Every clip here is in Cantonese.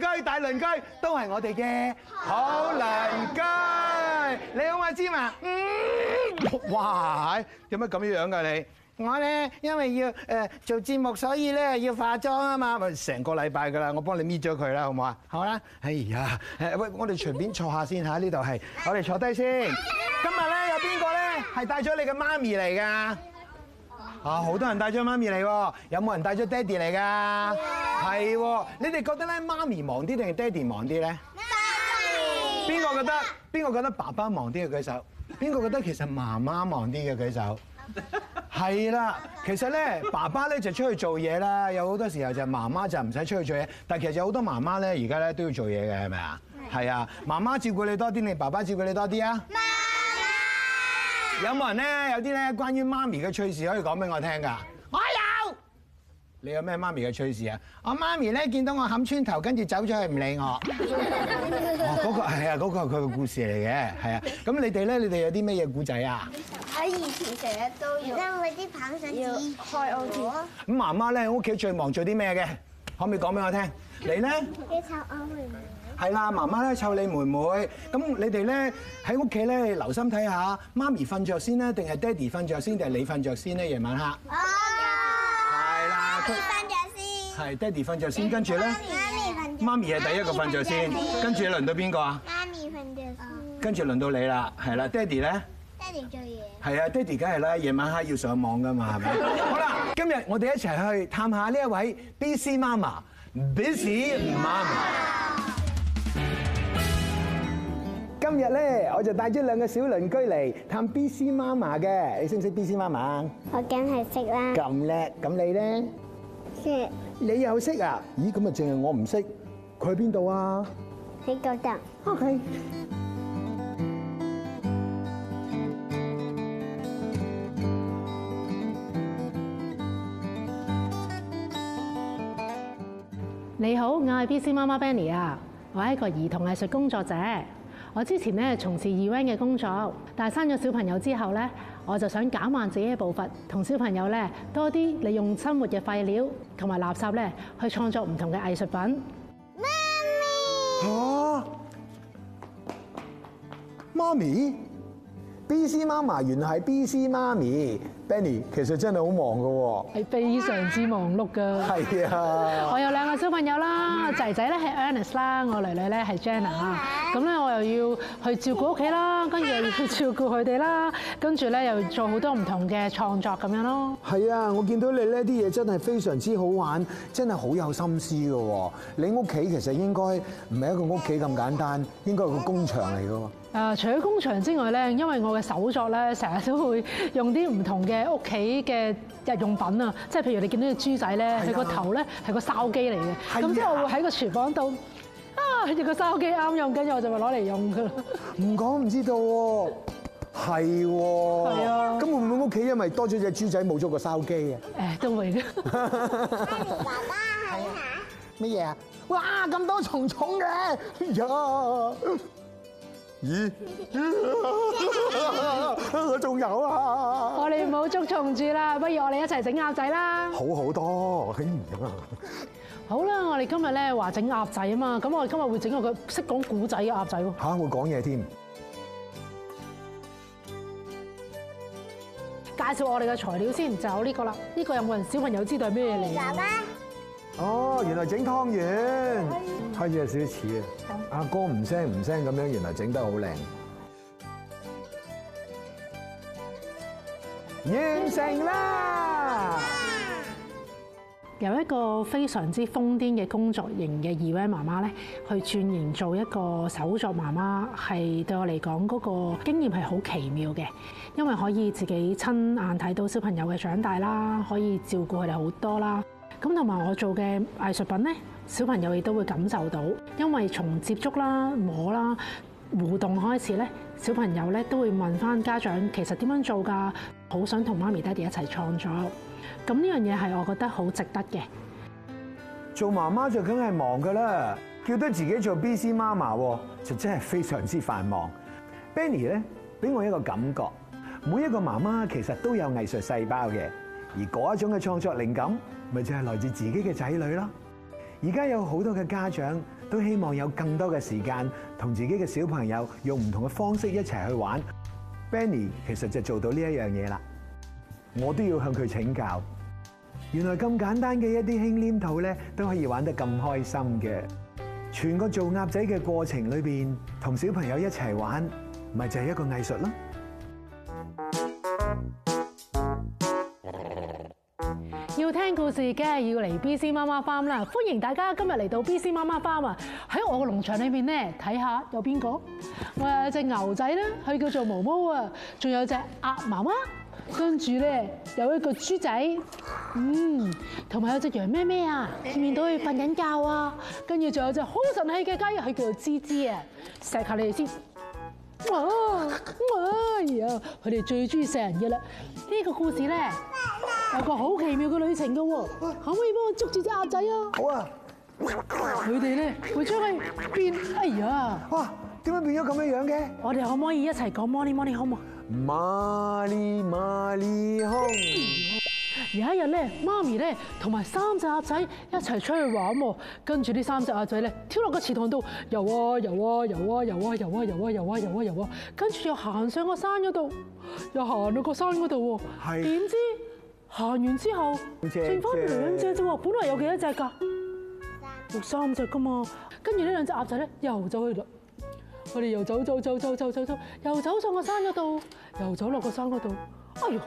鄰居大鄰居都係我哋嘅好鄰居，你好嘛知嘛？哇，有冇咁樣樣噶你？我咧因為要誒做節目，所以咧要化妝啊嘛，咪成個禮拜噶啦，我幫你搣咗佢啦，好唔好啊？好啦，哎呀，誒，喂，我哋隨便坐下先吓，呢度係我哋坐低先。今日咧有邊個咧係帶咗你嘅媽咪嚟噶？啊，好多人帶咗媽咪嚟，有冇人帶咗爹哋嚟噶？係喎，你哋覺得咧，媽咪忙啲定係爹哋忙啲咧？媽咪。邊個覺得？邊個覺得爸爸忙啲嘅舉手？邊個覺得其實媽媽忙啲嘅舉手？係啦，其實咧，爸爸咧就出去做嘢啦，有好多時候就媽媽就唔使出去做嘢，但係其實有好多媽媽咧，而家咧都要做嘢嘅，係咪啊？係啊，媽媽照顧你多啲，你爸爸照顧你多啲啊？媽媽。有冇人咧？有啲咧關於媽咪嘅趣事可以講俾我聽㗎？你有咩媽咪嘅趣事啊？我媽咪咧見到我冚穿頭，跟住走咗去唔理我、嗰個。哦，嗰、嗰個係啊，嗰個佢嘅故事嚟嘅，係啊。咁你哋咧，你哋有啲咩嘢故仔啊？喺以前成日都要，而家我啲棒想紙開屋企。咁媽媽咧喺屋企最忙做啲咩嘅？可唔可以講俾我聽？你咧？要湊我妹妹。係啦，媽媽咧湊你，你妹妹。咁你哋咧喺屋企咧留心睇下，媽咪瞓着先咧，定係爹哋瞓着先，定係你瞓着先咧？夜晚黑。瞓著先，係爹哋瞓著先，跟住咧，媽咪瞓著，媽咪係第一個瞓著先，跟住你輪到邊個啊？媽咪瞓著先，跟住輪到你啦，係啦，爹哋咧，爹哋做嘢，係啊，爹哋梗係啦，夜晚黑要上網噶嘛，係咪？好啦，今日我哋一齊去探下呢一位 Busy Mama Busy Mama。今日咧，我就帶咗兩個小鄰居嚟探 Busy Mama 嘅。你識唔識 Busy Mama 啊？我梗係識啦，咁叻，咁你咧？你又識啊？咦，咁啊，淨係我唔識，佢喺邊度啊？喺度這的。OK。你好，我係 B C 媽媽 Benny 啊，我係一個兒童藝術工作者。我之前咧從事 event 嘅工作，但係生咗小朋友之後咧，我就想減慢自己嘅步伐，同小朋友咧多啲利用生活嘅廢料同埋垃圾咧去創作唔同嘅藝術品媽。媽咪嚇，BC、媽咪，BC 媽咪原來係 BC 媽咪！Benny 其實真係好忙㗎喎，係非常之忙碌㗎。係啊，我有兩個小朋友啦，仔仔咧係 Annie 啦，我女女咧係 Jenna 啊。咁咧我又要去照顧屋企啦，跟住又要去照顧佢哋啦，跟住咧又做好多唔同嘅創作咁樣咯。係啊，我見到你呢啲嘢真係非常之好玩，真係好有心思㗎喎。你屋企其實應該唔係一個屋企咁簡單，應該係個工場嚟㗎喎。誒，除咗工場之外咧，因為我嘅手作咧，成日都會用啲唔同嘅屋企嘅日用品啊，即係譬如你見到隻豬仔咧，佢是的 個頭咧係個筲箕嚟嘅，咁之的後我會喺個廚房度啊，見個筲箕啱用，跟住我就會攞嚟用噶啦。唔講唔知道喎，係喎，咁會唔會屋企因為多咗隻豬仔，冇咗個筲箕啊？誒會， 都未啫。爸爸喺啊？乜嘢啊？哇！咁多蟲蟲嘅，yeah 咦，我仲有啊！我哋唔好捉蟲住啦，不如我哋一齊整鴨仔啦，好好多，興啊！好啦，我哋今日咧話整鴨仔啊嘛，咁我哋今日會整一個識講古仔嘅鴨仔喎嚇，會講嘢添。介紹我哋嘅材料先，就有呢個啦。呢個有冇人小朋友知道係咩嚟哦，原來整湯圓，開始係有少少似啊！阿是哥唔聲唔聲咁樣，原來整得好靚，完成啦！由一個非常之瘋癲嘅工作型嘅二位媽媽咧，去轉型做一個手作媽媽，係對我嚟講嗰個經驗係好奇妙嘅，因為可以自己親眼睇到小朋友嘅長大啦，可以照顧佢哋好多啦。咁同埋我做嘅藝術品咧，小朋友亦都會感受到，因為從接觸啦、摸啦、互動開始咧，小朋友咧都會問翻家長，其實點樣做㗎？好想同媽咪、爹哋一齊創作。咁呢樣嘢係我覺得好值得嘅。做媽媽就梗係忙㗎啦，叫得自己做 B.C. 媽媽就真係非常之繁忙 Benny 呢。Benny 咧，俾我一個感覺，每一個媽媽其實都有藝術細胞嘅，而嗰一種嘅創作靈感。咪就係來自自己嘅仔女啦！而家有好多嘅家長都希望有更多嘅時間同自己嘅小朋友用唔同嘅方式一齊去玩。Benny 其實就做到呢一樣嘢啦！我都要向佢請教，原來咁簡單嘅一啲輕黏土咧，都可以玩得咁開心嘅。全個做鴨仔嘅過程裏邊，同小朋友一齊玩，咪就係一個藝術咯！故事梗係要嚟 B C 媽媽 Farm 啦！歡迎大家今日嚟到 B C 媽媽 Farm 啊！喺我個農場裏面咧，睇下有邊個？我有隻牛仔咧，佢叫做毛毛啊！仲有隻鴨媽媽，跟住咧有一個豬仔，嗯，同埋有隻羊咩咩啊！見到佢瞓緊覺啊！跟住仲有隻好神氣嘅雞，佢叫做滋滋啊！錫下你哋先，哇，哎呀，佢哋最中意錫人噶啦！呢個故事咧。媽媽有一個好奇妙嘅旅程㗎喎，可唔可以幫我捉住隻鴨仔啊？好啊！佢哋咧會出去變，哎呀，哇，點解變咗咁嘅樣嘅？我哋可唔可以一齊講 Money Money Home 好嘛？Money Money Home。有一日咧，媽咪咧同埋三隻鴨仔一齊出去玩喎，跟住呢，三隻鴨仔咧跳落個池塘度游啊游啊游啊游啊游啊游啊游啊游啊游啊，跟住又行上個山嗰度，又行到個山嗰度喎，係，點知？行完之後，剩翻兩隻啫喎，本來有幾多隻噶？有三隻噶嘛。跟住呢兩隻鴨仔咧，又走去啦。我哋又走走走走走走走，又走上個山嗰度，又走落個山嗰度。哎喲，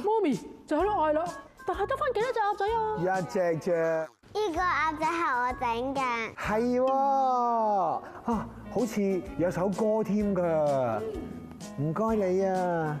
媽咪就喺度嗌啦，但係得翻幾多隻鴨仔啊？一隻啫。呢個鴨仔係我整嘅。係喎，啊，好似有首歌添㗎。唔該你啊。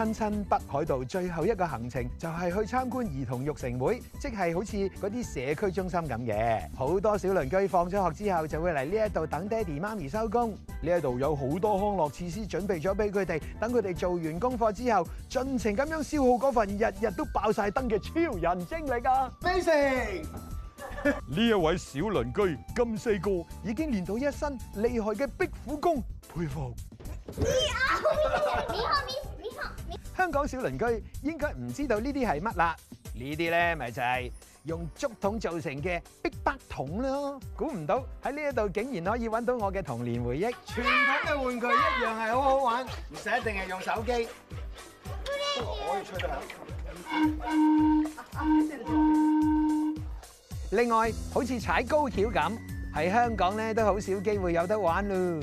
親親北海道最後一個行程就係去參觀兒童育成會，即係好似嗰啲社區中心咁嘅，好多小鄰居放咗學之後就會嚟呢一度等爹哋媽咪收工。呢一度有好多康樂設施準備咗俾佢哋，等佢哋做完功課之後，盡情咁樣消耗嗰份日日都爆晒燈嘅超人精力啊！Basic！呢一位小鄰居咁細個已經練到一身厲害嘅壁虎功，佩服！香港小鄰居應該唔知道呢啲係乜啦，呢啲咧咪就係用竹筒做成嘅筆筒咯。估唔到喺呢一度竟然可以搵到我嘅童年回憶。傳統嘅玩具一樣係好好玩，唔使一定係用手機。另外，好似踩高橋咁，喺香港咧都好少機會有得玩咯。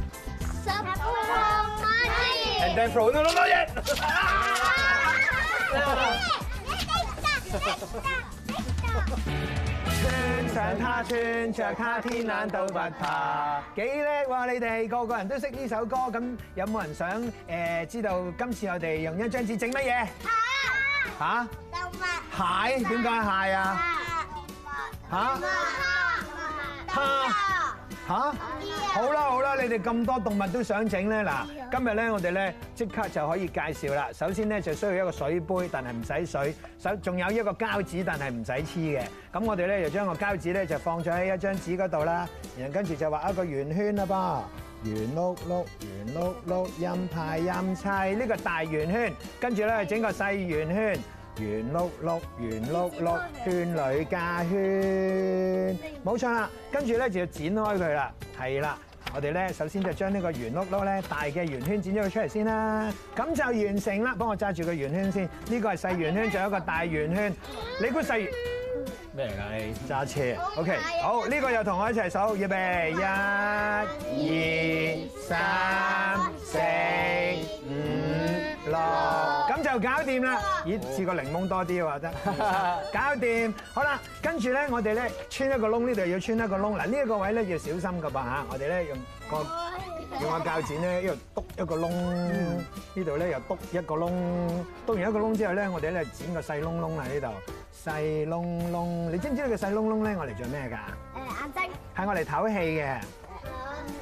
And then for another one yet。穿上它穿著它天冷都不怕，幾叻喎，你哋個個人都識呢首歌，咁有冇人想誒知道今次我哋用一張紙整乜嘢？嚇嚇動物蟹，點解蟹啊？嚇動物動物嚇。嚇！好啦好啦，你哋咁多動物都想整咧。嗱，今日咧我哋咧即刻就可以介紹啦。首先咧就需要一個水杯，但係唔使水。手仲有一個膠紙，但係唔使黐嘅。咁我哋咧就將個膠紙咧就放咗喺一張紙嗰度啦。然後跟住就畫一個圓圈啦，噃圓碌碌，圓碌碌，任排任砌，呢個大圓圈，跟住咧整個細圓圈。圓碌碌，圓碌碌，圈裏加圈，冇錯啦。跟住咧就要剪開佢啦。係啦，我哋咧首先就將呢個圓碌碌咧大嘅圓圈剪咗佢出嚟先啦。咁就完成啦。幫我揸住個圓圈先。呢個係細圓圈，仲有一個大圓圈。你估細咩嚟噶？你揸車。OK，好，呢個又同我一齊數，預備，一、二、三、四、五、六。又搞掂啦！了咦，似個檸檬多啲，話得。了搞掂，好啦，跟住咧，我哋咧穿一個窿，呢度要穿一個窿嗱，呢一個、這個、位咧要小心噶噃吓。我哋咧用個用個鉸剪咧，一路篤一個窿，呢度咧又篤一個窿，篤完一個窿之後咧，我哋咧剪個小洞細窿窿啦，呢度細窿窿。你知唔知呢個細窿窿咧？我嚟做咩噶？誒，眼睛係我嚟透氣嘅，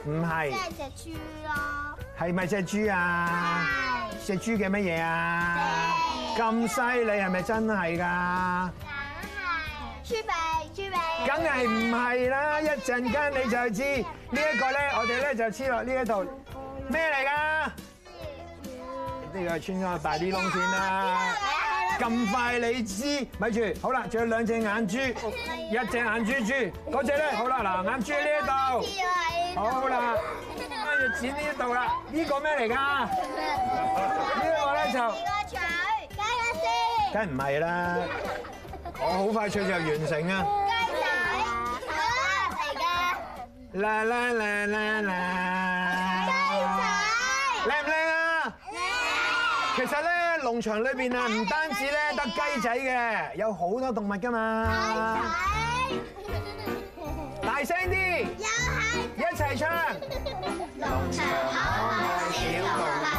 唔係，即係隻豬咯，係咪隻豬啊？隻豬嘅乜嘢啊？咁犀利係咪真係㗎？梗係豬鼻，豬鼻。梗係唔係啦？一陣間你就知。呢一個咧，我哋咧就黐落呢一度。咩嚟㗎？呢個穿咗大啲窿線啦！咁快你知，咪住。好啦，仲有兩隻眼珠，一隻眼珠珠。嗰隻咧，好啦，嗱眼珠喺呢度。好啦，跟住剪呢度啦。呢個咩嚟㗎？個嘴，雞仔先，梗係唔係啦，我好快唱就完成啊！雞仔，好，嚟緊，靚唔靚啊？靚，其實咧農場裏邊啊，唔單止咧得雞仔嘅，有好多動物噶嘛。雞仔，大聲啲，又係，一齊唱，農場可愛小動物。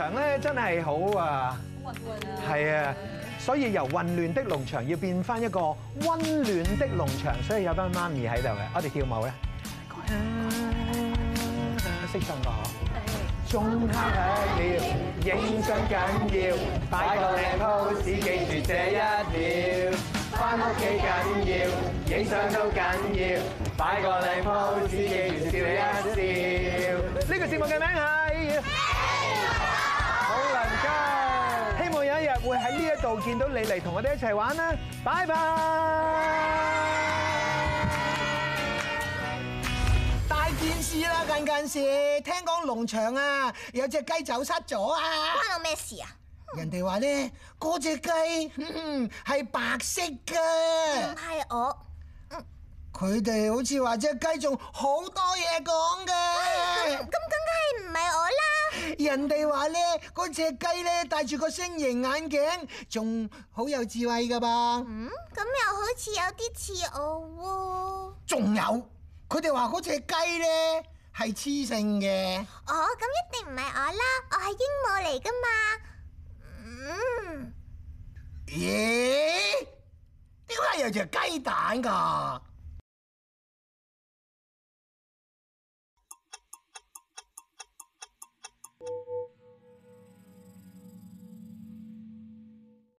場咧真係好啊，混亂啊，係啊，所以由混亂的農場要變翻一個溫暖的農場，所以有班媽咪喺度嘅。我哋跳舞咧，識唱歌，仲黑啊！你要影相緊要，擺個靚 pose 記住這一秒，翻屋企緊要，影相都緊要，擺個靚 pose 記住笑一笑。呢個節目嘅名係。會喺呢一度見到你嚟同我哋一齊玩啦，拜拜！大件事啦，近近事，聽講農場啊有隻雞走失咗啊！關我咩事啊？人哋話咧，嗰隻雞係白色嘅。唔係我。佢哋好似話隻雞仲好多嘢講嘅。咁咁梗係唔係我啦？人哋話咧，嗰隻雞咧戴住個星形眼鏡，仲好有智慧噶噃。嗯，咁又好似有啲似我喎、啊。仲有，佢哋話嗰隻雞咧係雌性嘅。哦，咁一定唔係我啦，我係鸚鵡嚟噶嘛。嗯。咦、欸？點解有隻雞蛋噶？